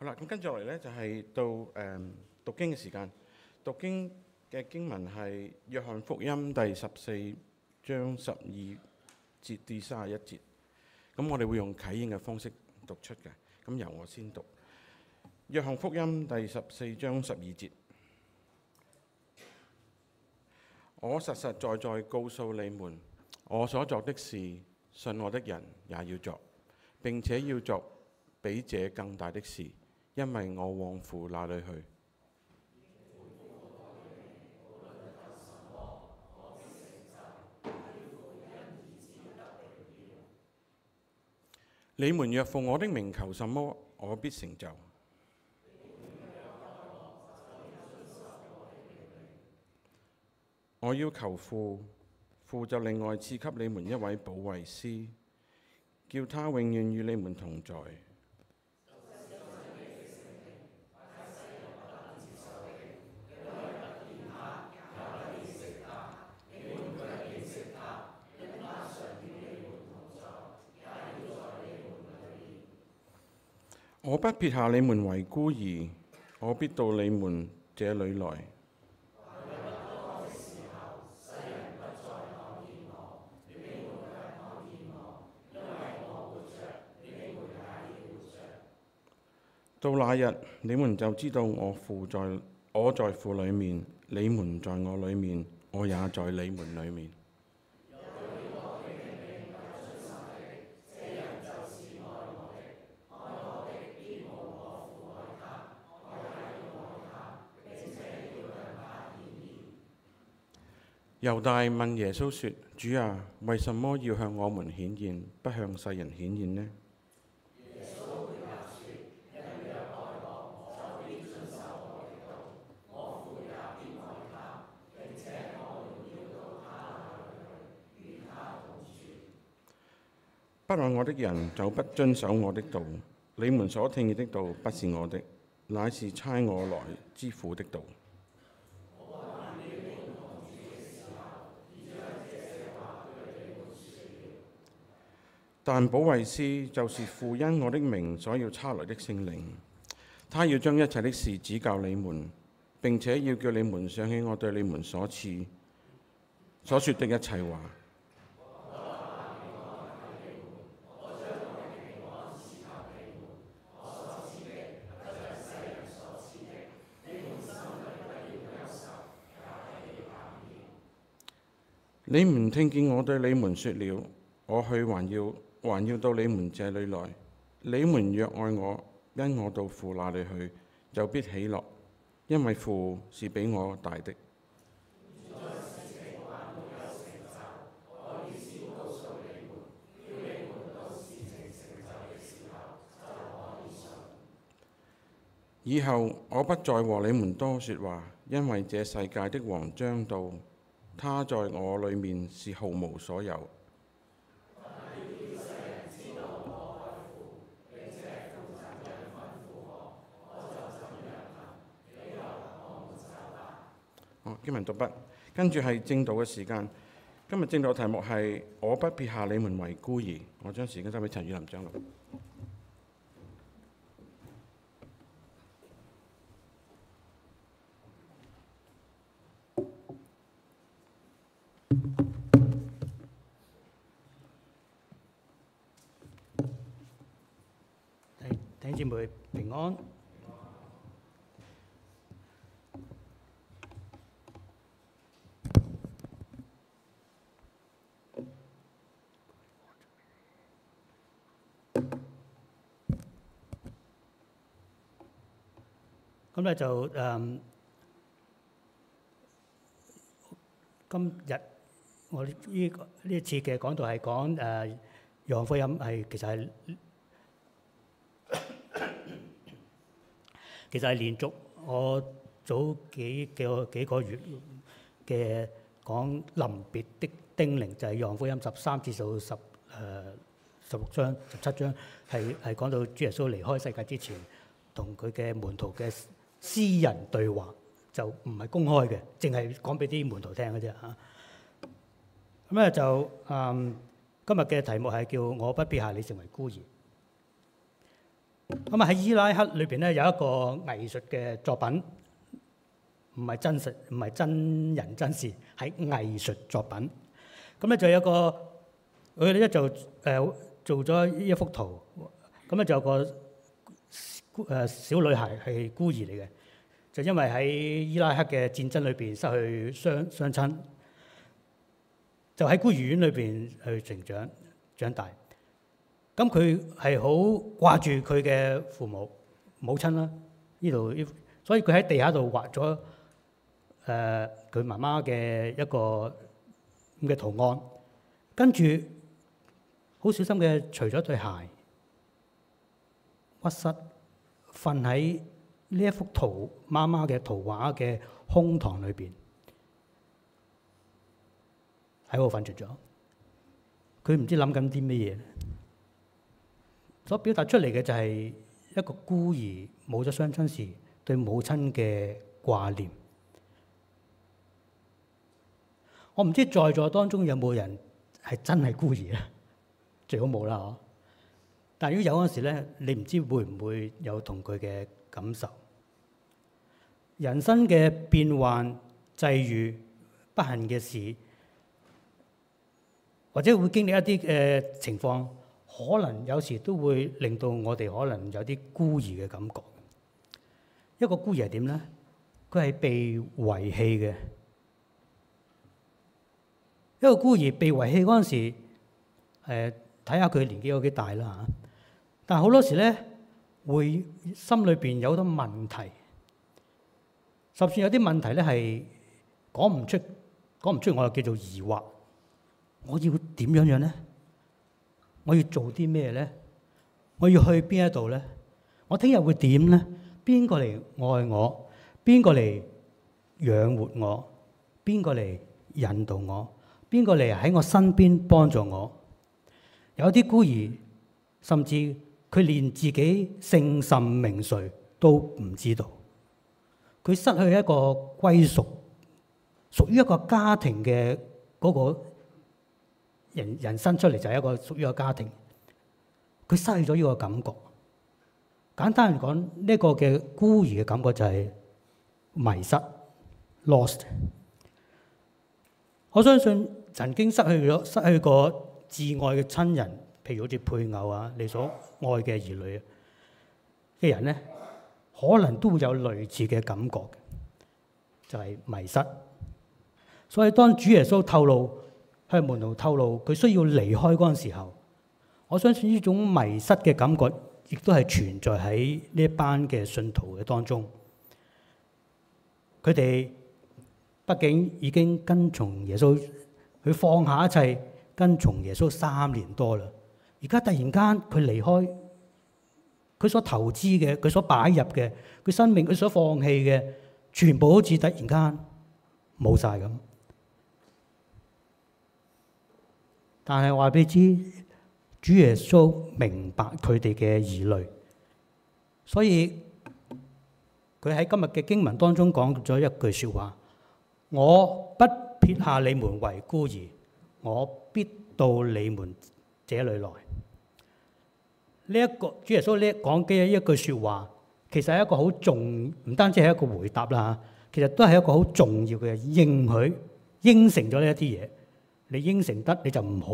好啦，咁跟住落嚟呢，就係到誒讀經嘅時間。讀經嘅經文係《約翰福音》第十四章十二節至三十一節。咁我哋會用啟應嘅方式讀出嘅。咁由我先讀《約翰福音》第十四章十二節。我實實在在告訴你們，我所作的事，信我的人也要作，並且要作比這更大的事。因為我往父那裏去，你們若奉我的名求什麼，我必成就。我要求父，父就另外賜給你們一位保惠師，叫他永遠與你們同在。我不撇下你們為孤兒，我必到你們這裏來。到那日，你們就知道我父在，我在父裏面，你們在我裏面，我也在你們裏面。 猶大問耶穌說：主啊，為什麼要向我們顯現，不向世人顯現呢？啊、愛 不愛我的人就不遵守我的道。你們所聽的道不是我的，乃是差我來之父的道。但保惠師就是父因我的名所要差來的聖靈，他要將一切的事指教你們，並且要叫你們想起我對你們所賜、所說的一切話。你，你們你聽見我對你們說了，我去還要。還要到你們這裡來，你們若愛我，因我到父那裡去，就必喜樂，因為父是比我大的。以後我不再和你們多說話，因為這世界的王將到，他在我裡面是毫無所有。居民讀筆，跟住係正道嘅時間。今日正道嘅題目係《我不撇下你們為孤兒》，我將時間交俾陳雨林長老。咁咧、嗯、就誒、嗯，今日我呢呢一次嘅講道係講誒，約翰、呃、福音係其實係 其實係連續我早幾幾個幾個月嘅講臨別的叮嚀，就係約翰福音十三至到十誒十、呃、十六章十七章，係係講到主耶穌離開世界之前，同佢嘅門徒嘅。私人對話就唔係公開嘅，淨係講俾啲門徒聽嘅啫嚇。咁、啊、咧就嗯，今日嘅題目係叫我不撇下你成為孤兒。咁啊喺伊拉克裏邊咧有一個藝術嘅作品，唔係真實，唔係真人真事，係藝術作品。咁咧就有一個佢咧就誒、呃、做咗一幅圖，咁咧就有個。誒，小女孩係孤兒嚟嘅，就因為喺伊拉克嘅戰爭裏邊失去雙雙親，就喺孤兒院裏邊去成長長大。咁佢係好掛住佢嘅父母母親啦，呢度，所以佢喺地下度畫咗誒佢媽媽嘅一個咁嘅圖案，跟住好小心嘅除咗對鞋，屈膝。瞓喺呢一幅圖媽媽嘅圖畫嘅胸膛裏邊，喺度瞓着咗。佢唔知諗緊啲乜嘢。所表達出嚟嘅就係一個孤兒冇咗雙親時對母親嘅掛念。我唔知在座當中有冇人係真係孤兒啊？最好冇啦嚇。但如果有嗰陣時咧，你唔知會唔會有同佢嘅感受。人生嘅變幻、際遇、不幸嘅事，或者會經歷一啲嘅、呃、情況，可能有時都會令到我哋可能有啲孤兒嘅感覺。一個孤兒係點咧？佢係被遺棄嘅。一個孤兒被遺棄嗰陣時，誒睇下佢年紀有幾大啦嚇。但係好多時咧，會心裏邊有好多問題，甚至有啲問題咧係講唔出，講唔出，我又叫做疑惑。我要點樣樣咧？我要做啲咩咧？我要去邊一度咧？我聽日會點咧？邊個嚟愛我？邊個嚟養活我？邊個嚟引導我？邊個嚟喺我身邊幫助我？有啲孤兒，甚至。佢連自己姓甚名誰都唔知道，佢失去一個歸屬，屬於一個家庭嘅嗰個人，人生出嚟就係一個屬於一個家庭，佢失去咗呢個感覺。簡單嚟講，呢個嘅孤兒嘅感覺就係迷失，lost。我相信曾經失去咗、失去過至愛嘅親人。譬如好似配偶啊，你所愛嘅兒女嘅人咧，可能都會有類似嘅感覺，就係迷失。所以當主耶穌透露，向門徒透露佢需要離開嗰陣時候，我相信呢種迷失嘅感覺，亦都係存在喺呢一班嘅信徒嘅當中。佢哋畢竟已經跟從耶穌，佢放下一切，跟從耶穌三年多啦。而家突然間佢離開，佢所投資嘅，佢所擺入嘅，佢生命佢所放棄嘅，全部好似突然間冇晒咁。但係話俾你知，主耶穌明白佢哋嘅疑慮，所以佢喺今日嘅經文當中講咗一句説話：我不撇下你們為孤兒，我必到你們這裏來。呢一個主耶穌呢講嘅呢一句説話，其實係一個好重，唔單止係一個回答啦嚇，其實都係一個好重要嘅應許，應承咗呢一啲嘢。你應承得，你就唔好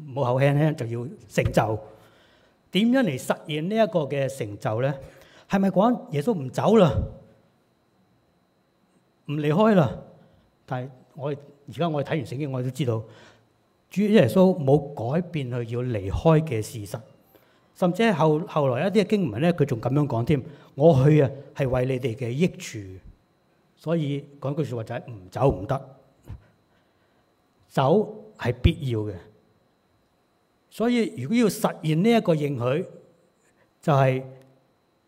冇口輕輕，就要成就。點樣嚟實現呢一個嘅成就咧？係咪講耶穌唔走啦，唔離開啦？但係我而家我哋睇完聖經，我哋都知道主耶穌冇改變佢要離開嘅事實。甚至後後來一啲經文咧，佢仲咁樣講添。我去啊，係為你哋嘅益處，所以講句説話就係唔走唔得，走係必要嘅。所以如果要實現呢一個應許，就係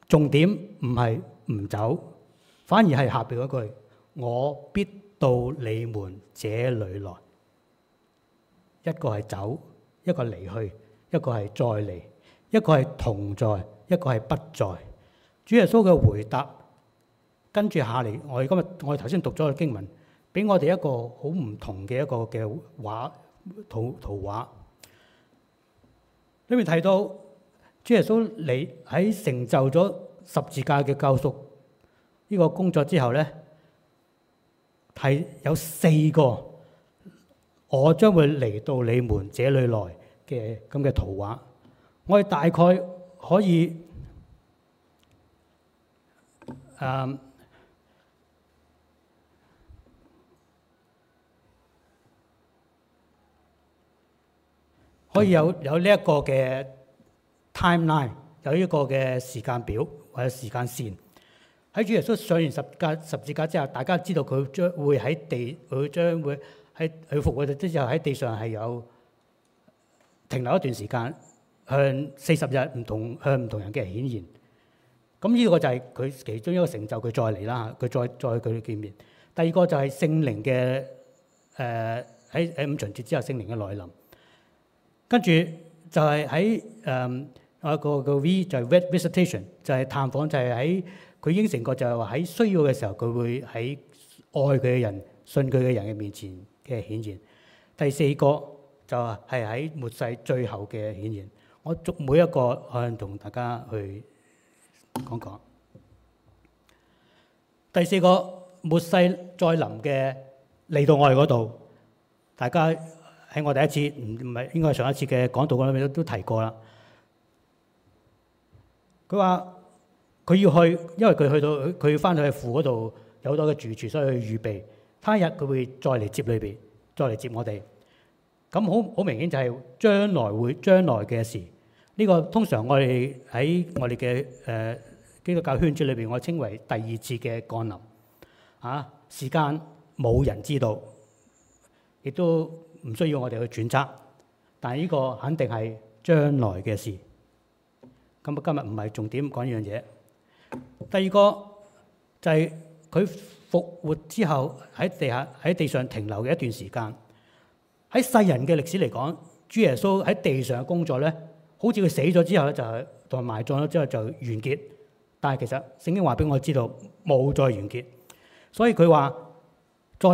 重點唔係唔走，反而係下邊嗰句：我必到你們這裏來。一個係走，一個係離去，一個係再嚟。一個係同在，一個係不在。主耶穌嘅回答跟住下嚟，我哋今日我哋頭先讀咗個經文，俾我哋一個好唔同嘅一個嘅畫圖圖畫。你咪睇到主耶穌，你喺成就咗十字架嘅救贖呢個工作之後咧，係有四個我將會嚟到你們這裏來嘅咁嘅圖畫。我哋大概可以，誒、um, 可以有有呢一個嘅 timeline，有呢一個嘅時間表或者時間線，喺主耶穌上完十架十字架之後，大家知道佢將會喺地，佢將會，喺佢復活之後喺地上係有停留一段時間。向四十日唔同向唔同人嘅顯現，咁呢個就係佢其中一個成就。佢再嚟啦嚇，佢再再佢見面。第二個就係聖靈嘅誒喺誒五旬節之後聖靈嘅來臨。跟住就係喺誒一個個 V 就係 visitation，就係 Vis 探訪就，就係喺佢應承過就係話喺需要嘅時候佢會喺愛佢嘅人、信佢嘅人嘅面前嘅顯現。第四個就係喺末世最後嘅顯現。我逐每一個，可能同大家去講講。第四個末世再臨嘅，嚟到我哋嗰度，大家喺我第一次唔唔係應該係上一次嘅講道嗰度都提過啦。佢話佢要去，因為佢去到佢佢翻去父嗰度有好多嘅住處，所以去預備。他日佢會再嚟接裏邊，再嚟接我哋。咁好好明顯就係將來會將來嘅事。呢個通常我哋喺我哋嘅誒基督教圈子裏邊，我稱為第二次嘅降臨。啊，時間冇人知道，亦都唔需要我哋去揣測。但係呢個肯定係將來嘅事。咁、嗯、啊，今日唔係重點講呢樣嘢。第二個就係佢復活之後喺地下喺地上停留嘅一段時間。喺世人嘅歷史嚟講，主耶穌喺地上嘅工作咧。好似佢死咗之後咧，就同埋葬咗之後就完結。但係其實聖經話俾我知道，冇再完結，所以佢話再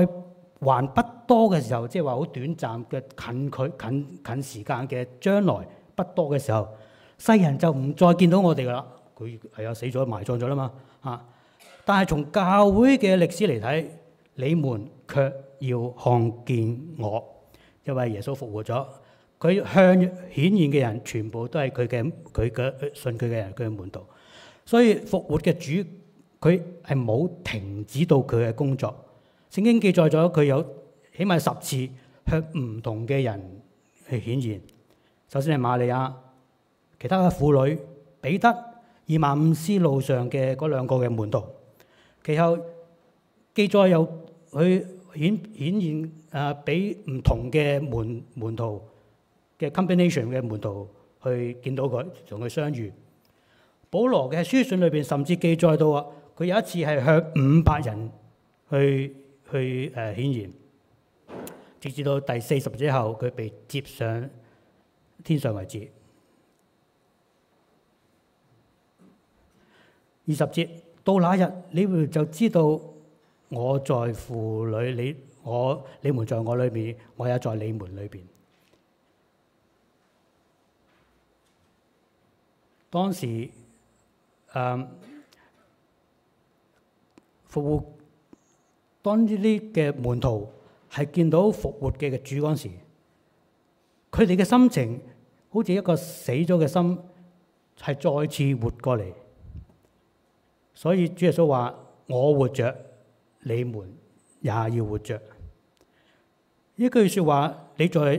還不多嘅時候，即係話好短暫嘅近距近近時間嘅將來不多嘅時候，世人就唔再見到我哋噶啦。佢係啊，死咗埋葬咗啦嘛啊！但係從教會嘅歷史嚟睇，你們卻要看見我，因為耶穌復活咗。佢向顯現嘅人，全部都係佢嘅佢嘅信佢嘅人佢嘅門徒。所以復活嘅主佢係冇停止到佢嘅工作。聖經記載咗佢有起碼十次向唔同嘅人去顯現。首先係瑪利亞，其他嘅婦女、彼得、以馬忤斯路上嘅嗰兩個嘅門徒。其後記載有佢顯顯現啊，俾唔同嘅門門徒。嘅 combination 嘅門徒去見到佢同佢相遇。保羅嘅書信裏邊甚至記載到啊，佢有一次係向五百人去去誒顯現，直至到第四十節後，佢被接上天上為止。二十節，到那一日，你們就知道我在父裏，你我你們在我裏面，我也在你們裏邊。當時，誒、嗯、復活當呢啲嘅門徒係見到復活嘅主嗰陣時，佢哋嘅心情好似一個死咗嘅心係再次活過嚟，所以主耶穌話：我活着，你們也要活着。一句説話，你再。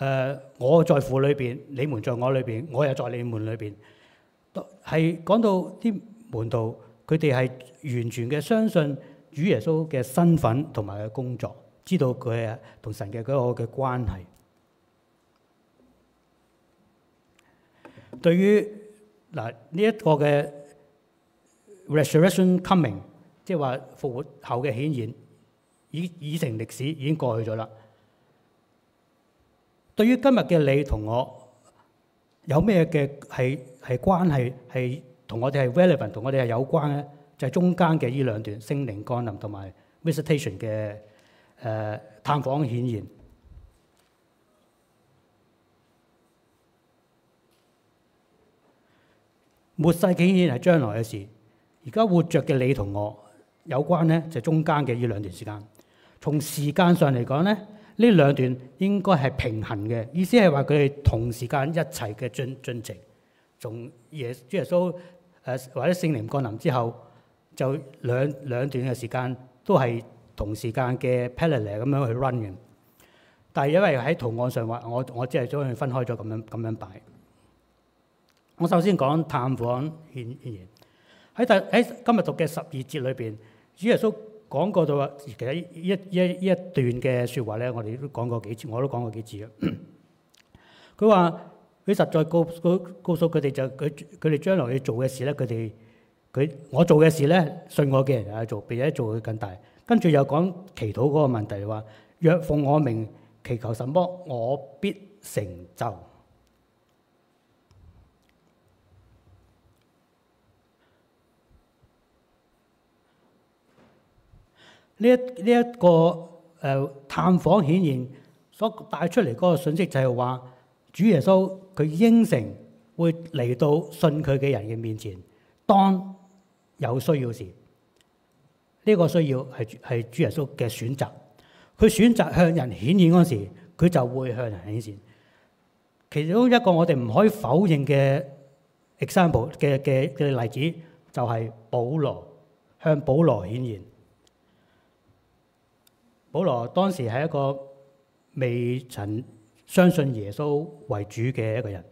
誒、uh, 我在父裏邊，你們在我裏邊，我也在你們裏邊。係講到啲門徒，佢哋係完全嘅相信主耶穌嘅身份同埋佢嘅工作，知道佢係同神嘅嗰個嘅關係。對於嗱呢一個嘅 resurrection coming，即係話復活後嘅顯現，已已成歷史，已經過去咗啦。對於今日嘅你同我有咩嘅係係關係，係同我哋係 relevant 同我哋係有關咧？就係、是、中間嘅依兩段聖靈降臨同埋 visitation 嘅誒、呃、探訪顯現。末世竟然係將來嘅事，而家活着嘅你同我有關咧？就係、是、中間嘅依兩段時間。從時間上嚟講咧。呢兩段應該係平行嘅，意思係話佢哋同時間一齊嘅進進程，從耶穌耶穌誒、呃、或者聖靈降臨之後，就兩兩段嘅時間都係同時間嘅 parallel 咁樣去 run 嘅。但係因為喺圖案上話，我我只係將佢分開咗咁樣咁樣擺。我首先講探訪顯現喺特喺今日讀嘅十二節裏邊，主耶穌。講過就話，其實一一一段嘅説話咧，我哋都講過幾次，我都講過幾次啦。佢話佢實在告告告訴佢哋就佢佢哋將來要做嘅事咧，佢哋佢我做嘅事咧，信我嘅人啊做，並且做佢更大。跟住又講祈禱嗰個問題話，若奉我名祈求什麼，我必成就。呢一呢一個誒探訪顯現所帶出嚟嗰個信息就係話，主耶穌佢應承會嚟到信佢嘅人嘅面前，當有需要時，呢個需要係係主耶穌嘅選擇。佢選擇向人顯現嗰時，佢就會向人顯現。其中一個我哋唔可以否認嘅 example 嘅嘅嘅例子就係保羅向保羅顯現。保羅當時係一個未曾相信耶穌為主嘅一個人，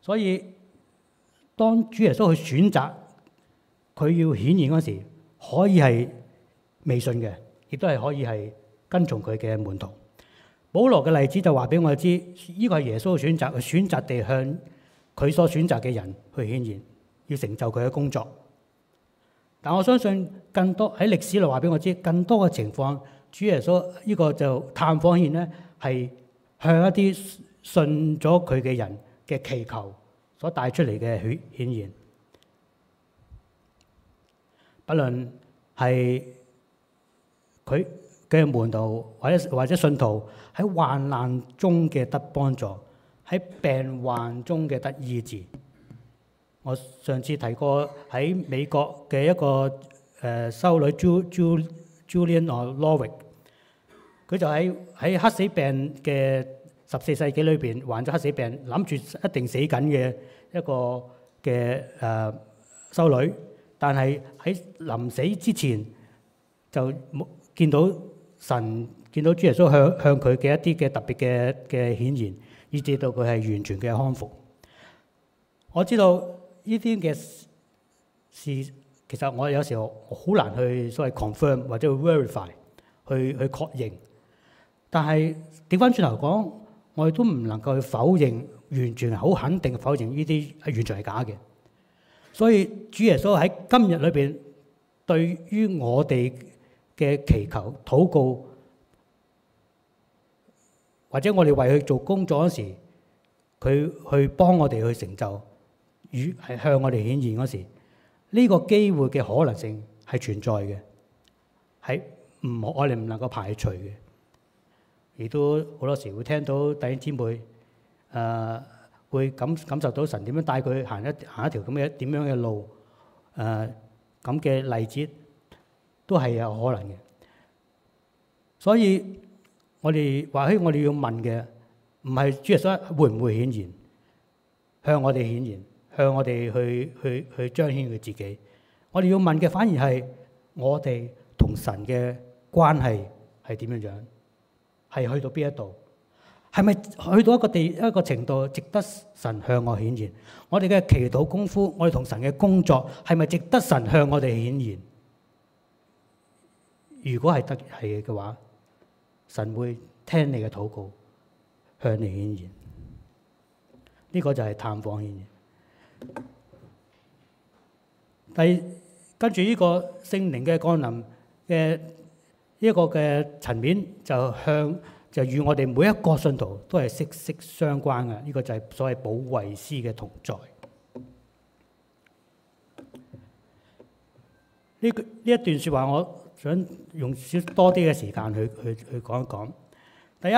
所以當主耶穌去選擇佢要顯現嗰時，可以係未信嘅，亦都係可以係跟從佢嘅門徒。保羅嘅例子就話俾我知，呢個係耶穌嘅選擇，去選擇地向佢所選擇嘅人去顯現，要成就佢嘅工作。但我相信更多喺歷史裏話俾我知，更多嘅情況。主耶穌呢、這個就探訪獻咧，係向一啲信咗佢嘅人嘅祈求所帶出嚟嘅血顯現，不論係佢嘅門徒或者或者信徒喺患難中嘅得幫助，喺病患中嘅得醫治。我上次提過喺美國嘅一個誒、呃、修女 j u Julian of Lawick，佢就喺喺黑死病嘅十四世紀裏邊，患咗黑死病，諗住一定死緊嘅一個嘅誒、呃、修女，但係喺臨死之前就冇見到神見到主耶穌向向佢嘅一啲嘅特別嘅嘅顯現，以至到佢係完全嘅康復。我知道呢啲嘅事。其實我有時候好難去所謂 confirm 或者 verify，去 verify 去去確認，但係調翻轉頭講，我都唔能夠去否認，完全好肯定否認呢啲係完全係假嘅。所以主耶穌喺今日裏邊，對於我哋嘅祈求、禱告，或者我哋為佢做工作嗰時，佢去幫我哋去成就，與係向我哋顯現嗰時。呢個機會嘅可能性係存在嘅，係唔我哋唔能夠排除嘅，亦都好多時會聽到弟兄姊妹誒、呃、會感感受到神點樣帶佢行一行一條咁嘅點樣嘅路誒咁嘅例子，都係有可能嘅。所以我哋或許我哋要問嘅唔係主耶穌會唔會顯現向我哋顯現？向我哋去去去彰顯佢自己，我哋要問嘅反而係我哋同神嘅關係係點樣樣，係去到邊一度，係咪去到一個地一個程度值得神向我顯現？我哋嘅祈禱功夫，我哋同神嘅工作係咪值得神向我哋顯現？如果係得係嘅話，神會聽你嘅禱告，向你顯現。呢、這個就係探訪顯現。第跟住呢個聖靈嘅降臨嘅呢一個嘅層面，就向就與我哋每一個信徒都係息息相關嘅。呢、這個就係所謂保惠師嘅同在。呢呢一段說話，我想用少多啲嘅時間去去去講一講。第一，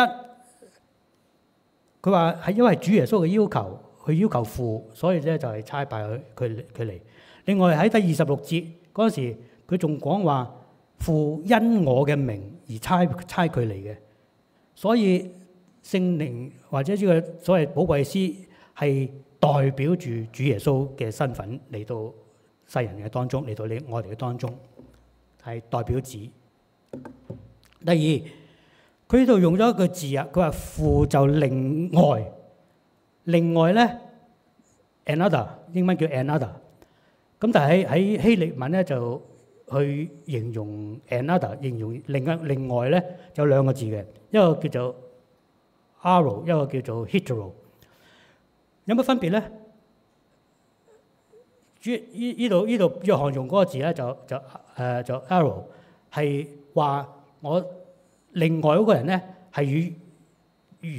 佢話係因為主耶穌嘅要求。佢要求父，所以咧就係差派佢佢佢嚟。另外喺第二十六節嗰陣時，佢仲講話父因我嘅名而差差佢嚟嘅。所以聖靈或者呢個所謂保惠師係代表住主耶穌嘅身份嚟到世人嘅當中，嚟到你我哋嘅當中係代表子。第二，佢呢度用咗一個字啊，佢話父就另外。另外咧，another 英文叫 another，咁但係喺希臘文咧就去形容 another，形容另一另外咧有兩個字嘅，一個叫做 arrow，一個叫做 hetero。有咩分別咧？呢呢度呢度約翰用嗰個字咧就就誒就 arrow 係話我另外嗰個人咧係與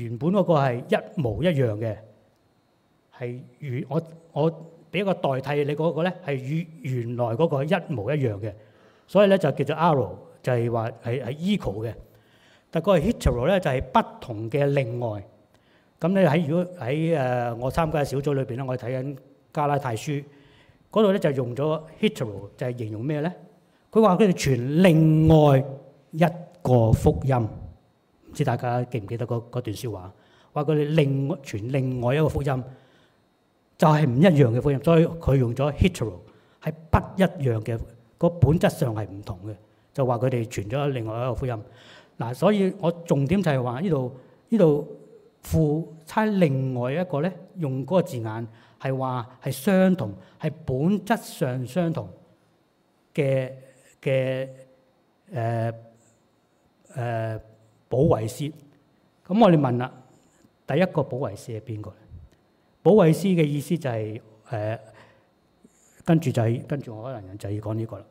原本嗰個係一模一樣嘅。係與我我俾一個代替你嗰個咧，係與原來嗰個一模一樣嘅，所以咧就叫做 allos，就係話係係 equal 嘅。但係個 hetero 咧就係不同嘅另外，咁咧喺如果喺誒我參加嘅小組裏邊咧，我睇緊加拉太書嗰度咧就用咗 hetero，就係形容咩咧？佢話佢哋傳另外一個福音，唔知大家記唔記得嗰嗰段說話，話佢哋另傳另外一個福音。就係唔一樣嘅福音，所以佢用咗 hetero 係不一樣嘅，個本質上係唔同嘅，就話佢哋傳咗另外一個福音。嗱、啊，所以我重點就係話呢度呢度父差另外一個咧，用嗰個字眼係話係相同，係本質上相同嘅嘅誒誒保惠師。咁、嗯、我哋問啦，第一個保惠師係邊個？保惠師嘅意思就係、是、誒、呃，跟住就係跟住我可能就要講呢個啦。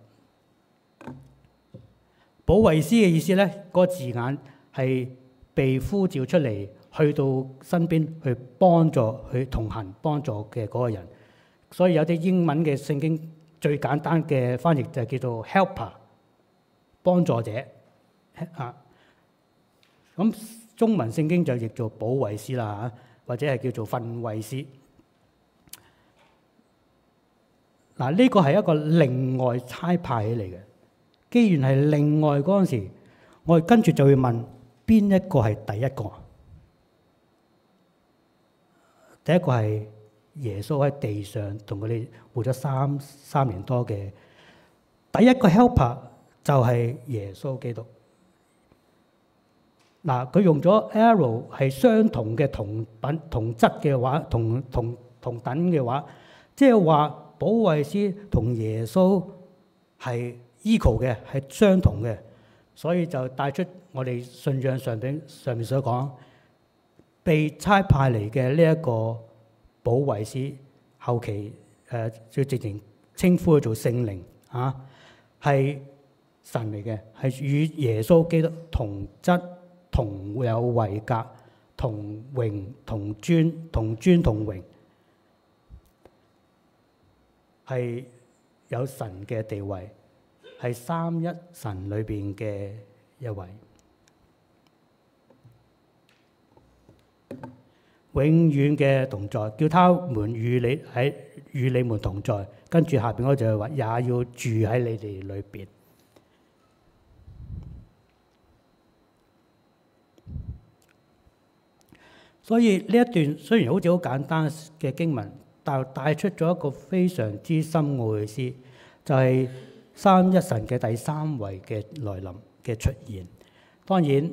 保惠師嘅意思咧，個字眼係被呼召出嚟，去到身邊去幫助去同行幫助嘅嗰個人。所以有啲英文嘅聖經最簡單嘅翻譯就叫做 helper，幫助者啊。咁 中文聖經就譯做保惠師啦嚇。或者係叫做訓慰師，嗱，呢個係一個另外猜派起嚟嘅。既然係另外嗰陣時，我哋跟住就會問邊一個係第一個？第一個係耶穌喺地上同佢哋活咗三三年多嘅，第一個 helper 就係耶穌基督。嗱，佢用咗 arrow 係相同嘅同品同質嘅話，同同同等嘅話，即係話保惠師同耶穌係 equal 嘅，係相同嘅，所以就帶出我哋信仰上邊上面所講，被差派嚟嘅呢一個保惠師，後期誒、啊、就直情稱呼佢做聖靈啊，係神嚟嘅，係與耶穌基督同質。同有位格，同榮同尊，同尊同榮，係有神嘅地位，係三一神裏邊嘅一位，永遠嘅同在，叫他們與你喺，與你們同在，跟住下邊我就話也要住喺你哋裏邊。所以呢一段雖然好似好簡單嘅經文，但係帶出咗一個非常之深奧嘅意思，就係三一神嘅第三位嘅來臨嘅出現。當然，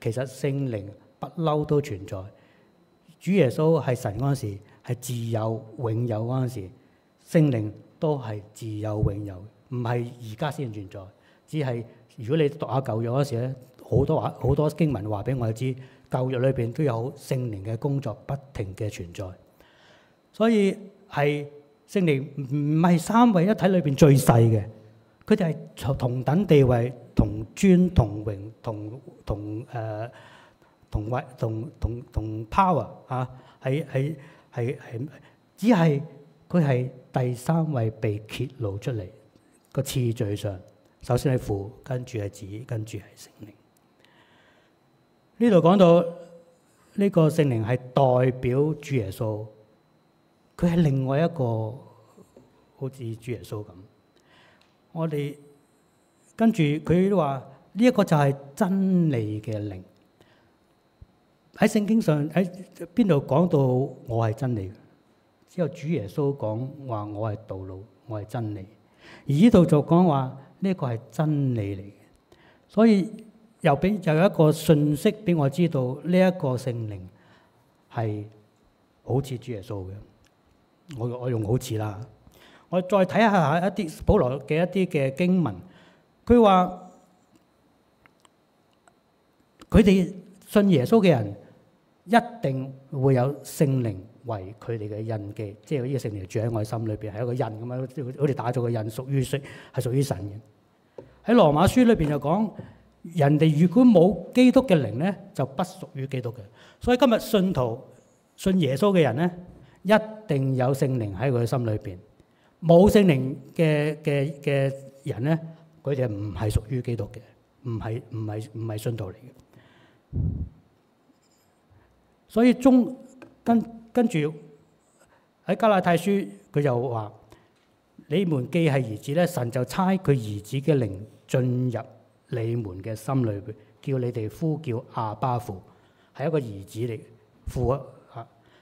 其實聖靈不嬲都存在。主耶穌係神嗰陣時，係自有永有嗰陣時，聖靈都係自有永有，唔係而家先存在。只係如果你讀下舊約嗰時咧，好多話好多經文話俾我哋知。教育裏邊都有聖靈嘅工作不停嘅存在，所以係聖靈唔係三位一體裏邊最細嘅，佢哋係同同等地位，同尊同榮同同誒、呃、同位同同同 power 嚇、啊，係係係係，只係佢係第三位被揭露出嚟，個次序上，首先係父，跟住係子，跟住係聖靈。呢度講到呢個聖靈係代表主耶穌，佢係另外一個好似主耶穌咁。我哋跟住佢話呢一個就係真理嘅靈。喺聖經上喺邊度講到我係真理？只有主耶穌講話我係道路，我係真理。而呢度就講話呢個係真理嚟嘅，所以。又俾又有一個信息俾我知道，呢一個聖靈係好似主耶穌嘅。我我用好似啦。我再睇下下一啲保羅嘅一啲嘅經文，佢話佢哋信耶穌嘅人一定會有聖靈為佢哋嘅印記，即係呢個聖靈住喺我心裏邊，係一個印咁樣。佢哋打造嘅印屬於是係屬於神嘅。喺羅馬書裏邊就講。人哋如果冇基督嘅靈咧，就不屬於基督嘅。所以今日信徒信耶穌嘅人咧，一定有聖靈喺佢嘅心裏邊。冇聖靈嘅嘅嘅人咧，佢哋唔係屬於基督嘅，唔係唔係唔係信徒嚟嘅。所以中跟跟住喺加拉太書，佢就話：你們既係兒子咧，神就差佢兒子嘅靈進入。你們嘅心裏邊，叫你哋呼叫阿巴父，係一個兒子嚟父啊，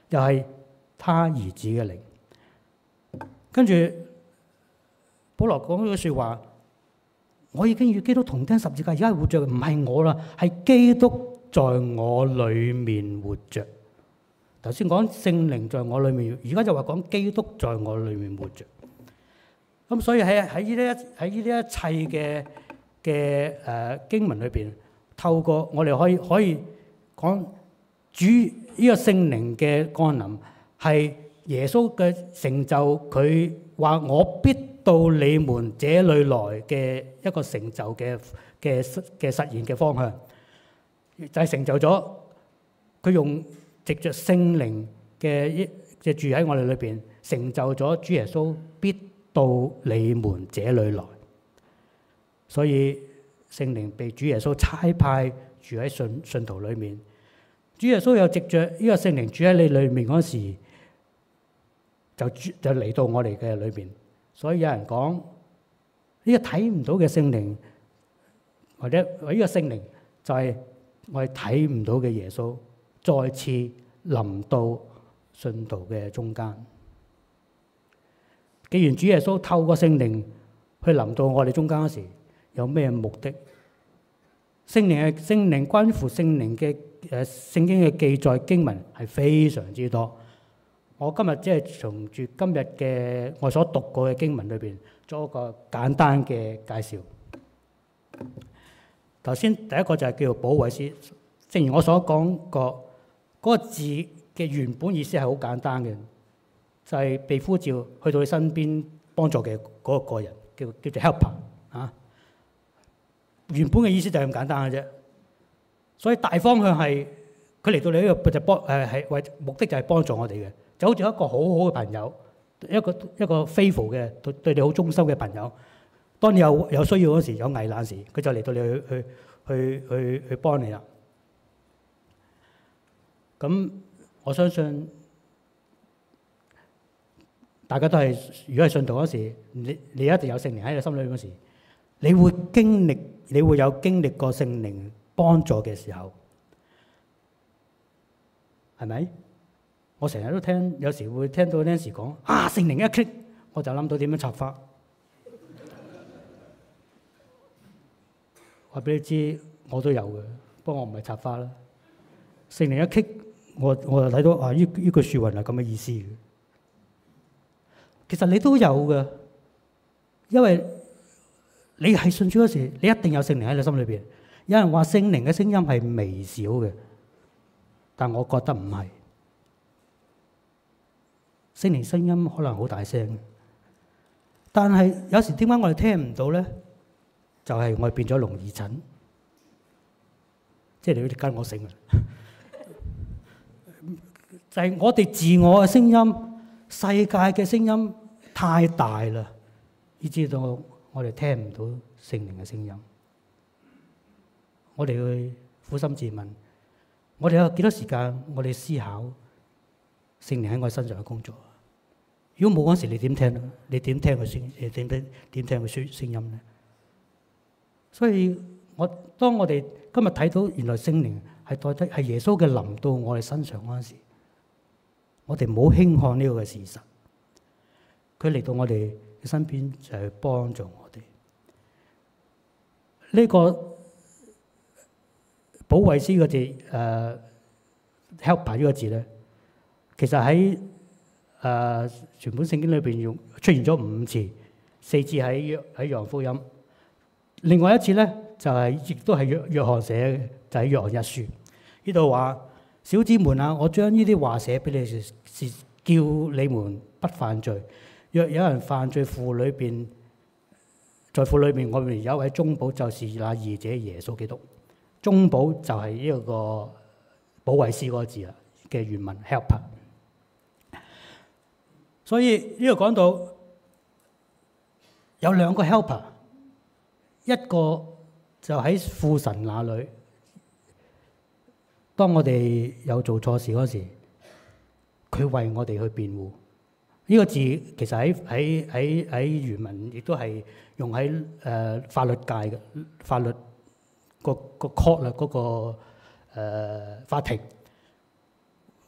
又係他兒子嘅靈。跟住，保羅講咗句説話：我已經與基督同釘十字架，而家活着嘅唔係我啦，係基督在我裡面活着。頭先講聖靈在我裡面，而家就話講基督在我裡面活着。咁、嗯、所以喺喺呢一喺呢一一切嘅。嘅誒經文裏邊透過我哋可以可以講主呢、這個聖靈嘅降臨係耶穌嘅成就，佢話我必到你們這裏來嘅一個成就嘅嘅嘅實現嘅方向，就係、是、成就咗佢用藉着聖靈嘅一就住喺我哋裏邊成就咗主耶穌必到你們這裏來。所以聖靈被主耶穌差派住喺信信徒裏面，主耶穌有藉着呢個聖靈住喺你裏面嗰時，就就嚟到我哋嘅裏面。所以有人講呢個睇唔到嘅聖靈，或者或呢個聖靈就係我哋睇唔到嘅耶穌再次臨到信徒嘅中間。既然主耶穌透過聖靈去臨到我哋中間嗰時，有咩目的？聖靈嘅聖靈,聖靈關乎聖靈嘅誒、呃、聖經嘅記載經文係非常之多。我今日即係從住今日嘅我所讀過嘅經文裏邊做一個簡單嘅介紹。頭先第一個就係叫做保惠師。正如我所講、那個嗰字嘅原本意思係好簡單嘅，就係、是、被呼召去到你身邊幫助嘅嗰個個人，叫叫做 helper。原本嘅意思就係咁簡單嘅啫，所以大方向係佢嚟到你呢度就幫，誒係為目的就係幫助我哋嘅，就好似一個好好嘅朋友，一個一個 faithful 嘅對對你好忠心嘅朋友。當你有有需要嗰時，有危難時，佢就嚟到你去去去去去幫你啦。咁我相信大家都係，如果係信徒嗰時，你你一定有聖靈喺你心裏邊嗰時，你會經歷。你會有經歷過聖靈幫助嘅時候，係咪？我成日都聽，有時會聽到 Nancy 講啊，聖靈一 click 我就諗到點樣插花。我話俾 你知，我都有嘅，不過我唔係插花啦。聖靈一棘，我我就睇到啊，呢、這、呢個樹雲係咁嘅意思嘅。其實你都有嘅，因為。你係信主嗰時，你一定有聖靈喺你心裏邊。有人話聖靈嘅聲音係微小嘅，但係我覺得唔係。聖靈聲音可能好大聲，但係有時點解我哋聽唔到咧？就係我哋變咗聾耳診，即係你要跟我醒啊！就係我哋自我嘅聲音、世界嘅聲音太大啦，以致到。我哋聽唔到聖靈嘅聲音，我哋去苦心自問，我哋有幾多時間？我哋思考聖靈喺我哋身上嘅工作。如果冇嗰時，你點聽？你點聽佢聲？你點點聽佢聲聲音咧？所以，我當我哋今日睇到原來聖靈係代替係耶穌嘅臨到我哋身上嗰陣時，我哋唔好輕看呢個嘅事實。佢嚟到我哋嘅身邊就係幫助。呢、這個保惠師嗰字，誒、呃、helper 呢個字咧，其實喺誒、呃、全本聖經裏邊用出現咗五次，四次喺喺約翰福音，另外一次咧就係、是、亦都係約約翰寫嘅，就喺約翰一書呢度話：小子們啊，我將呢啲話寫俾你哋，是叫你們不犯罪。若有人犯罪父裏面，父裏邊。在父裏面，我哋有一位中保，就是那義者耶穌基督。中保就係一個保惠師嗰個字啊嘅原文 helper。所以呢個講到有兩個 helper，一個就喺父神那裡，當我哋有做錯事嗰時，佢為我哋去辯護。呢個字其實喺喺喺喺原文亦都係用喺誒、呃、法律界嘅法律個個 court 嗰個、呃、法庭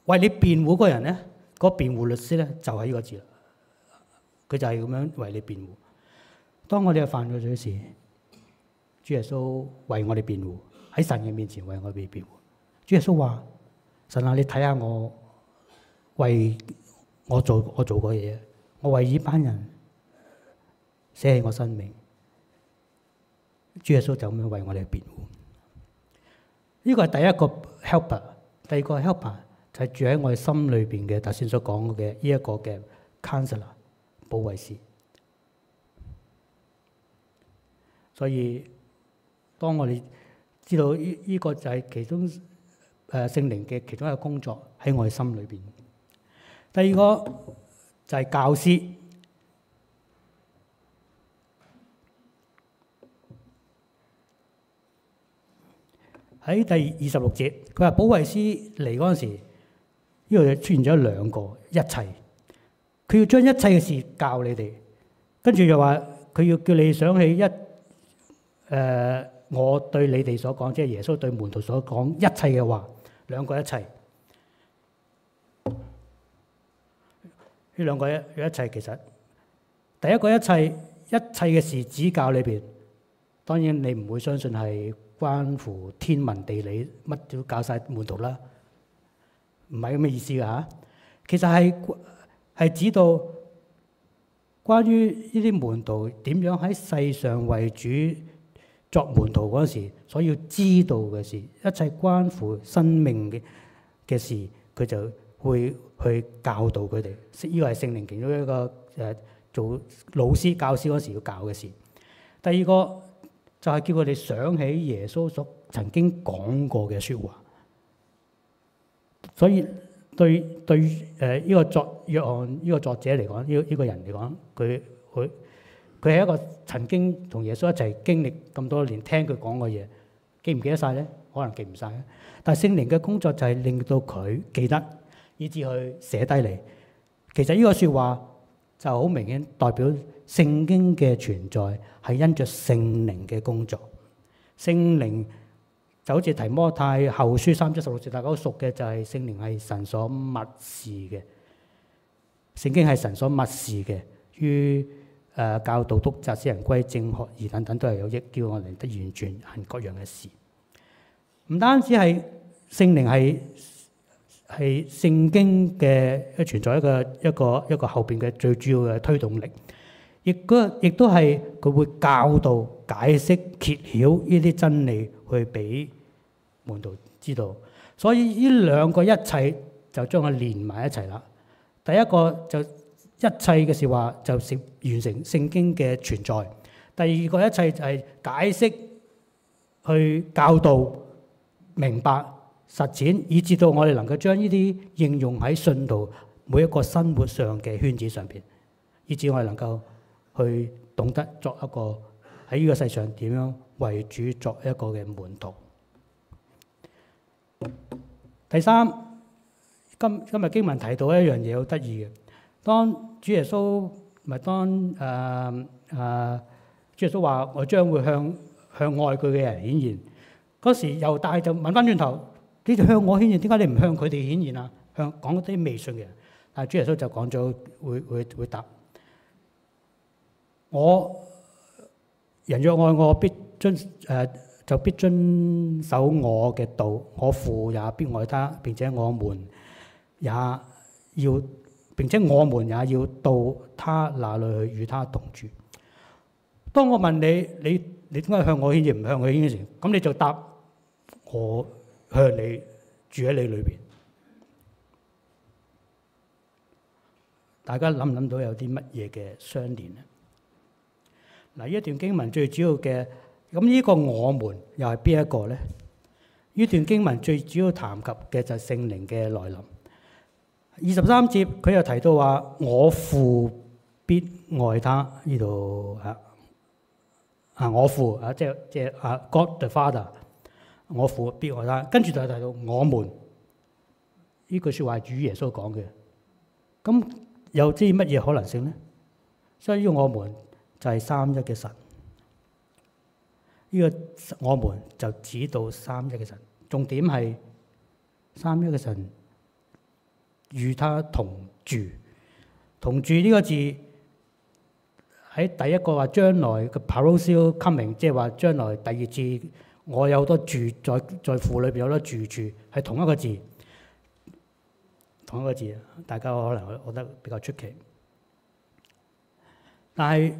為你辯護嗰個人咧，嗰個辯護律師咧就係、是、呢個字啦。佢就係咁樣為你辯護。當我哋犯咗罪時，主耶穌為我哋辯護，喺神嘅面前為我哋辯護。主耶穌話：神啊，你睇下我為。我做我做過嘢，我為呢班人寫起我生命，主耶穌就咁樣為我哋辯護。呢個係第一個 helper，第二個 helper 就係住喺我哋心裏邊嘅，頭先所講嘅呢一個嘅 counselor 保惠師。所以當我哋知道呢呢個就係其中誒、呃、聖靈嘅其中一個工作喺我哋心裏邊。第二個就係教師，喺第二十六節，佢話保惠師嚟嗰陣時，呢度出現咗兩個一切，佢要將一切嘅事教你哋，跟住又話佢要叫你想起一誒、呃、我對你哋所講，即係耶穌對門徒所講一切嘅話，兩個一切。呢兩個一一,一切其實，第一個一切一切嘅事指教裏邊，當然你唔會相信係關乎天文地理乜都教晒門徒啦，唔係咁嘅意思㗎嚇。其實係係指導關於呢啲門徒點樣喺世上為主作門徒嗰時所要知道嘅事，一切關乎生命嘅嘅事，佢就會。去教導佢哋，呢個係聖靈其中一個誒做老師、教師嗰時要教嘅事。第二個就係叫佢哋想起耶穌所曾經講過嘅説話。所以對對誒呢個作約翰呢個作者嚟講，呢個呢個人嚟講，佢佢佢係一個曾經同耶穌一齊經歷咁多年，聽佢講嘅嘢，記唔記得晒咧？可能記唔曬。但聖靈嘅工作就係令到佢記得。以至去寫低嚟，其實呢個説話就好明顯代表聖經嘅存在係因着聖靈嘅工作。聖靈就好似提摩太後書三章十六節，大家都熟嘅，就係聖靈係神所默示嘅。聖經係神所默示嘅，於誒教導、督責、使人歸正、學義等等都係有益，叫我哋得完全行各樣嘅事。唔單止係聖靈係。係聖經嘅存在一個一個一個後邊嘅最主要嘅推動力，亦嗰亦都係佢會教導、解釋、揭曉呢啲真理，去俾門徒知道。所以呢兩個一切就將佢連埋一齊啦。第一個就一切嘅說話就成完成聖經嘅存在；第二個一切就係解釋去教導明白，實踐，以至到我哋能夠將呢啲應用喺信徒每一個生活上嘅圈子上邊，以至我哋能夠去懂得作一個喺呢個世上點樣為主作一個嘅門徒。第三今今日經文提到一樣嘢好得意嘅，當主耶穌咪當誒誒、呃呃、主耶穌話我將會向向愛佢嘅人顯現嗰時，猶大就問翻轉頭。你就向我顯現，點解你唔向佢哋顯現啊？向講嗰啲未信嘅人，但係主耶穌就講咗，會會會答我。人若愛我，必遵誒、呃、就必遵守我嘅道。我父也必愛他，並且我們也要並且我們也要到他那裡去與他同住。當我問你，你你點解向我顯現唔向佢顯現？咁你就答我。向你住喺你裏邊，大家諗唔諗到有啲乜嘢嘅相連咧？嗱，呢一段經文最主要嘅，咁呢個我們又係邊一個咧？呢段經文最主要談及嘅就係聖靈嘅來臨。二十三節佢又提到話：我父必愛他。呢度啊啊，我父啊，即係即係啊 God the Father。我父必愛他。跟住就係提到我們呢句説話係主耶穌講嘅。咁、嗯、又知乜嘢可能性咧？所以呢個我們就係三一嘅神。呢、這個我們就指到三一嘅神，重點係三一嘅神與他同住。同住呢個字喺第一個話將來 parousia coming，即係話將來第二次。我有有得住在在父裏邊，有得住住係同一個字，同一個字。大家可能覺得比較出奇，但係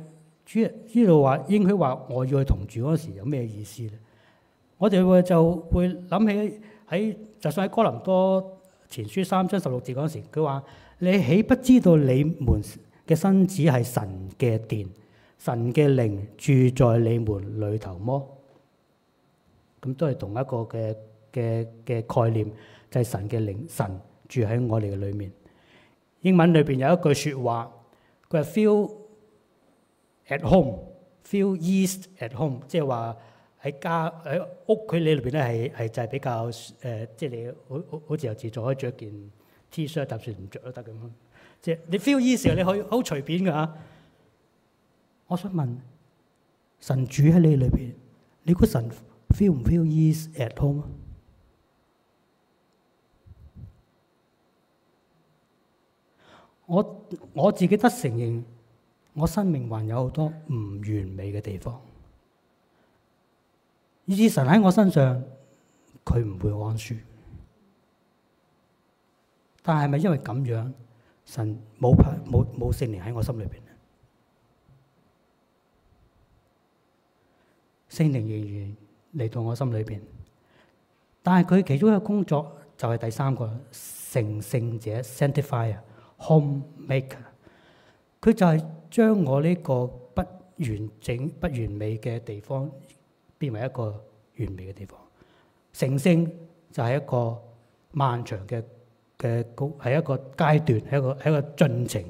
主呢度話應許，話我要去同住嗰時有咩意思咧？我哋會就會諗起喺就算喺哥林多前書三章十六節嗰時，佢話你豈不知道你們嘅身子係神嘅殿，神嘅靈住在你們裏頭麼？咁都係同一個嘅嘅嘅概念，就係、是、神嘅靈神住喺我哋嘅裏面。英文裏邊有一句説話，佢係 feel at home, feel east at home，即係話喺家喺屋企裏邊咧係係就係比較誒，即、呃、係、就是、你好好好自由自在，可以著件 t 恤，h 就算唔着都得咁樣。即係你 feel east 嘅時候，你可以好隨便㗎。 我想問神住喺你裏邊，你估神？Feel 唔 feel ease at home？我我自己得承認，我生命還有好多唔完美嘅地方。而神喺我身上，佢唔會安舒。但係係咪因為咁樣，神冇冇冇聖靈喺我心裏邊咧？聖靈仍然。嚟到我心裏邊，但係佢其中一個工作就係第三個啦，成聖者 sanctifier, home maker。佢就係將我呢個不完整、不完美嘅地方，變為一個完美嘅地方。成聖就係一個漫長嘅嘅局，係一個階段，係一個係一個進程。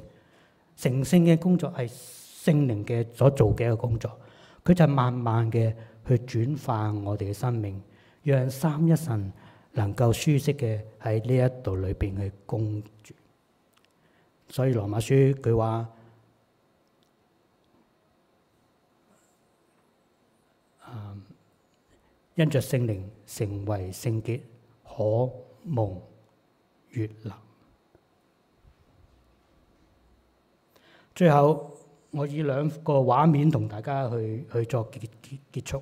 成聖嘅工作係聖靈嘅所做嘅一個工作，佢就係慢慢嘅。去轉化我哋嘅生命，讓三一神能夠舒適嘅喺呢一度裏邊去工作。所以羅馬書佢話：嗯，因著聖靈成為聖潔，可蒙悅納。最後，我以兩個畫面同大家去去作結結束。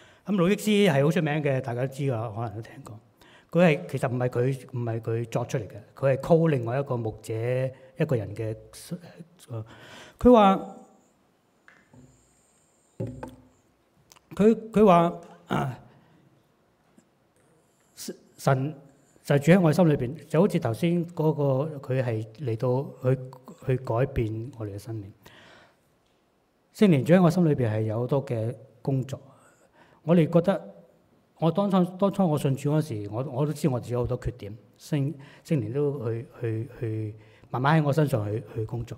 咁魯益師係好出名嘅，大家都知噶，可能都聽過。佢係其實唔係佢唔係佢作出嚟嘅，佢係 call 另外一個牧者一個人嘅。佢話佢佢話神就住喺我心裏邊，就好似頭先嗰個佢係嚟到去去改變我哋嘅生命。聖靈住喺我心裏邊，係有好多嘅工作。我哋覺得，我當初當初我信主嗰時，我我都知我自己好多缺點，聖聖靈都去去去慢慢喺我身上去去工作。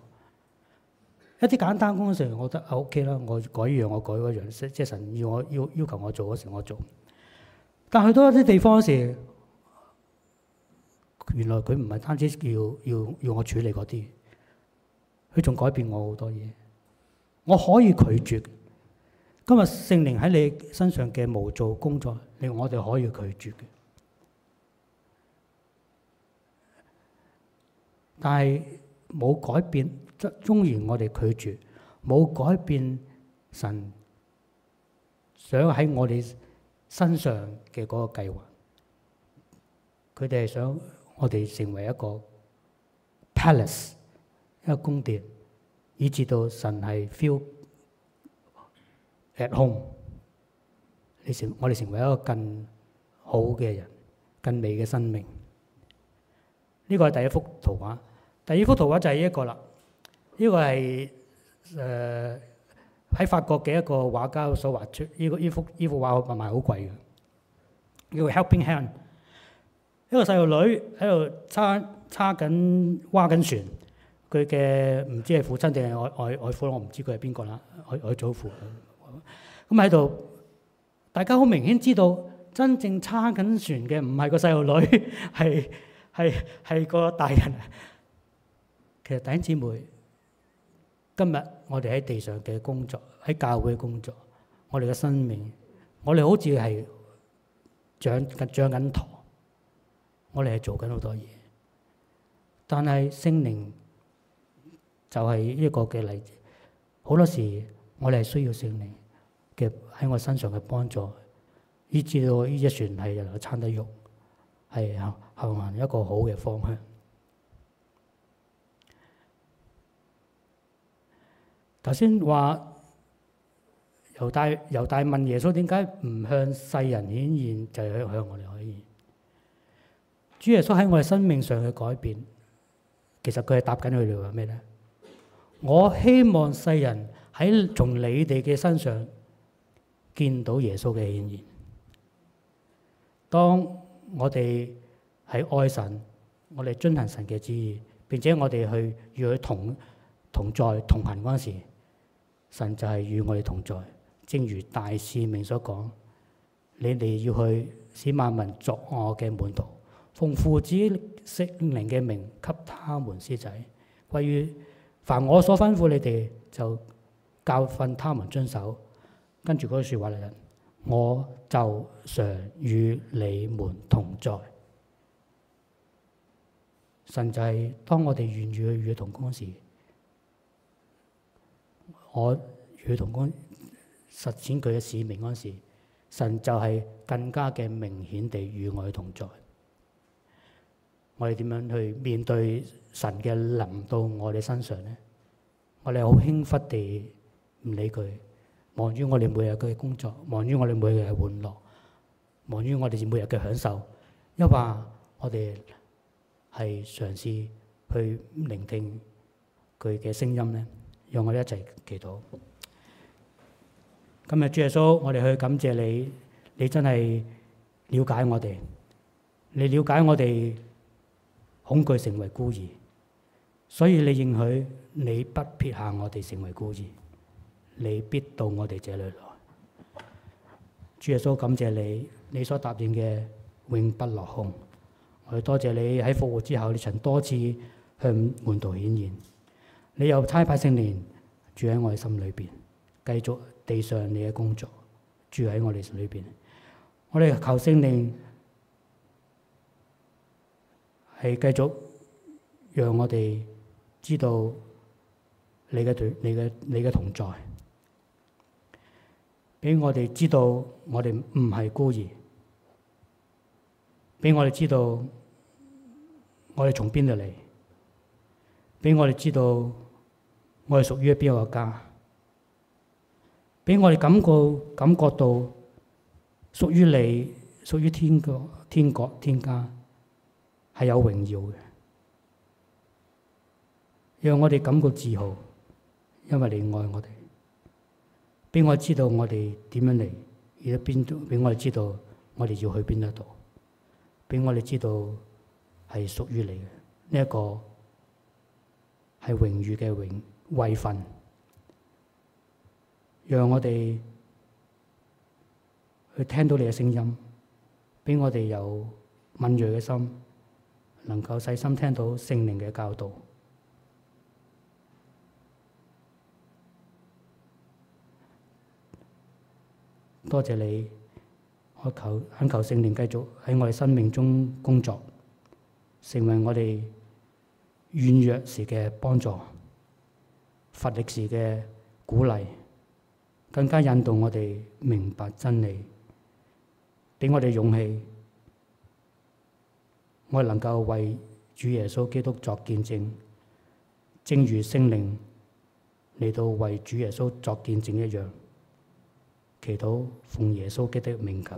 一啲簡單工嗰時，我覺得 OK 啦。我改呢樣，我改嗰樣，即係神要我要要求我做嗰時，我做。但去到一啲地方嗰時，原來佢唔係單止要要要我處理嗰啲，佢仲改變我好多嘢。我可以拒絕。今日聖靈喺你身上嘅無造工作，令我哋可以拒絕嘅。但係冇改變，縱然我哋拒絕冇改變神。神想喺我哋身上嘅嗰個計劃，佢哋係想我哋成為一個 palace，一個宮殿，以至到神係 feel。At home，你成我哋成為一個更好嘅人，更美嘅生命。呢個係第一幅圖畫，第二幅圖畫就係呢呃、一個啦。呢個係誒喺法國嘅一個畫家所畫出。呢個呢幅呢幅畫我賣賣好貴嘅，叫 Helping Hand。一個細路女喺度叉叉緊揸緊船，佢嘅唔知係父親定係外外外父，我唔知佢係邊個啦，外外祖父。咁喺度，大家好明顯知道，真正撐緊船嘅唔係個細路女，係係係個大人。其實弟兄姊妹，今日我哋喺地上嘅工作，喺教會工作，我哋嘅生命，我哋好似係掌緊掌緊舵，我哋係做緊好多嘢，但係聖靈就係一個嘅例子，好多時我哋係需要聖靈。嘅喺我身上嘅幫助，以至到呢隻船係能夠撐得喐，係行行，行一個好嘅方向。頭先話猶大，猶大問耶穌點解唔向世人顯現，就係、是、向我哋可以。主耶穌喺我哋生命上去改變，其實佢係答緊佢哋話咩咧？我希望世人喺從你哋嘅身上。見到耶穌嘅顯現言，當我哋係愛神，我哋遵行神嘅旨意，並且我哋去與佢同同在同行嗰陣時，神就係與我哋同在。正如大使命所講，你哋要去使萬民作我嘅門徒，奉父子聖靈嘅名給他們施洗，關於凡我所吩咐你哋就教訓他們遵守。跟住嗰句說話嚟嘅，我就常與你們同在。神就係當我哋願意去與佢同工時，我與佢同工實踐佢嘅使命嗰時，神就係更加嘅明顯地與我哋同在。我哋點樣去面對神嘅臨到我哋身上咧？我哋好輕忽地唔理佢。忙於我哋每日嘅工作，忙於我哋每日嘅玩樂，忙於我哋每日嘅享受，抑或我哋係嘗試去聆聽佢嘅聲音咧？讓我哋一齊祈禱。今日主耶穌，我哋去感謝你，你真係瞭解我哋，你瞭解我哋恐懼成為孤兒，所以你應許你不撇下我哋成為孤兒。你必到我哋這裏來，主耶穌感謝你，你所答應嘅永不落空。我要多謝你喺復活之後，你曾多次向門徒顯現，你又差派聖靈住喺我哋心裏邊，繼續地上你嘅工作，住喺我哋心裏邊。我哋求聖靈係繼續讓我哋知道你嘅同，你嘅你嘅同在。俾我哋知道我哋唔係孤兒，俾我哋知道我哋從邊度嚟，俾我哋知道我哋屬於邊個國家，俾我哋感覺感覺到屬於你，屬於天國、天國、天家係有榮耀嘅，讓我哋感覺自豪，因為你愛我哋。俾我知道我哋點樣嚟，而一邊俾我哋知道我哋要去邊一度，俾我哋知道係屬於你嘅，呢一個係榮譽嘅榮位份，讓我哋、這個、去聽到你嘅聲音，俾我哋有敏鋭嘅心，能夠細心聽到聖靈嘅教導。多謝你，我求懇求聖靈繼續喺我哋生命中工作，成為我哋軟弱時嘅幫助，乏力時嘅鼓勵，更加引導我哋明白真理，畀我哋勇氣，我能夠為主耶穌基督作見證，正如聖靈嚟到為主耶穌作見證一樣。祈禱奉耶穌基督的名求。